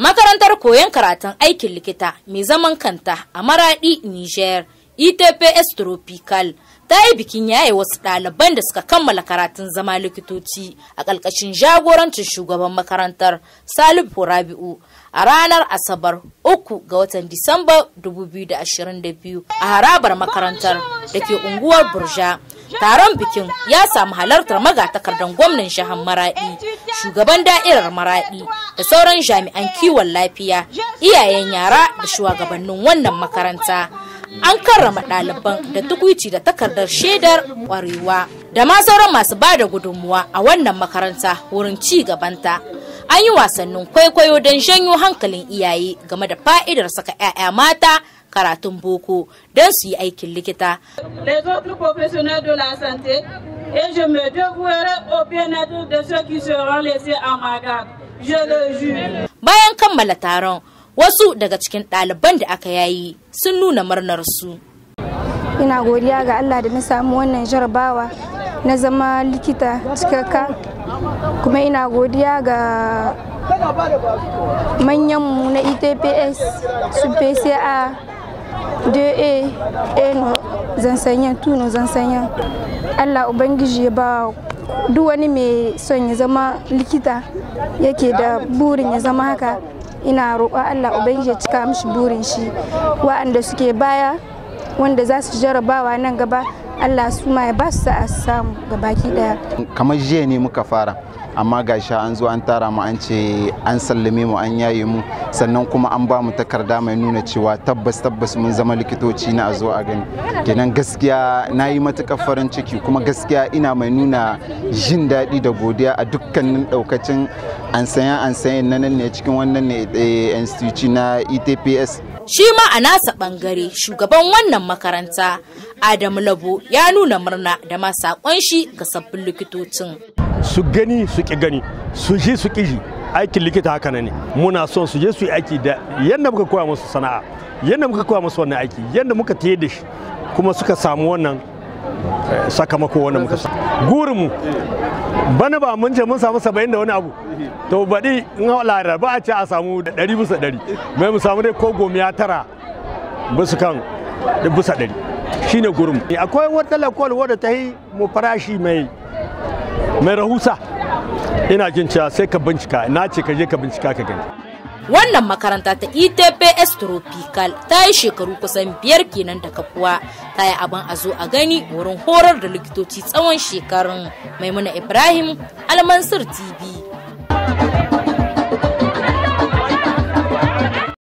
Makarantar koyon karatun aikin likita mai zaman kanta a maraɗi Niger, ETPS Tropical, ta yi bikin yaye wasu ɗaliban da suka kammala karatun zama likitoci a ƙarƙashin jagorancin shugaban makarantar Salif Rabi'u a ranar Asabar 3 ga watan Disamba 2022 a harabar makarantar da ke unguwar Burja. taron bikin ya samu halartar magatakardan gwamnan jihar Maraɗi, shugaban da'irar Maraɗi, da sauran jami'an kiwon lafiya iyayen yara da shugabannin wannan makaranta an karrama ɗaliban da tukwici da takardar shaidar ƙwarewa da ma sauran masu ba da gudunmuwa a wannan makaranta wurin ci gabanta an yi wasannin kwaikwayo don janyo hankalin iyaye game da fa'idar saka 'ya'ya mata karatun boko don su yi aikin likita. Les autres professionnels de la santé et je me dévouerai au bien-être de ceux qui seront laissés en ma garde. Je le jure. Bayan kammala taron, wasu daga cikin ɗaliban da aka yayi sun nuna murnar su. Ina godiya ga Allah da na samu wannan jarabawa na zama likita cikakka kuma ina godiya ga manyanmu na itps e su pca 2A et eh, eh, nos enseignants, tous nos enseignants. Allah Ubangiji ya ba duk wani mai son ya zama likita yake da burin ya zama haka ina roƙa Allah Ubangiji ya cika mishi burin shi wa'anda suke baya wanda za su jarabawa nan gaba Allah su ma ya ba su sa'a su samu gabaki daya kamar jiya ne muka fara amma ga sha an zo an tara mu an ce an sallame mu an yaye mu sannan kuma an ba mu takarda mai nuna cewa tabbas tabbas mun zama likitoci na a zo a gani kenan gaskiya na yi matuƙar farin ciki kuma gaskiya ina mai nuna jin daɗi da godiya a dukkanin ɗaukacin an sayan an sayan na nan ne cikin wannan ne eh, na etps shi ma a nasa ɓangare shugaban wannan makaranta Adam Labo ya nuna murna da ma saƙon shi ga sabbin likitocin. Su gani su ƙi gani, su ji su ƙi aikin likita haka ne muna son su je su yi aiki da yadda muka koya musu sana'a yadda muka koya musu wannan aiki yadda muka taye da shi kuma suka samu wannan eh, sakamako wanda muka sa. gurinmu bana ba mun ce mun samu saba'in da wani abu to baɗi in halara ba a ce a samu da ɗari bisa ɗari mai mu samu dai ko gomiya tara bisa kan bisa ɗari shine gurum akwai wata lakwal wadda ta yi mu farashi mai mai rahusa ina jin cewa sai ka bincika na ce ka je ka bincika ka gani wannan makaranta ta etps tropical ta yi shekaru kusan biyar kenan da kafuwa ta yi abin a zo a gani wurin horar da likitoci tsawon shekarun maimuna ibrahim almansir tv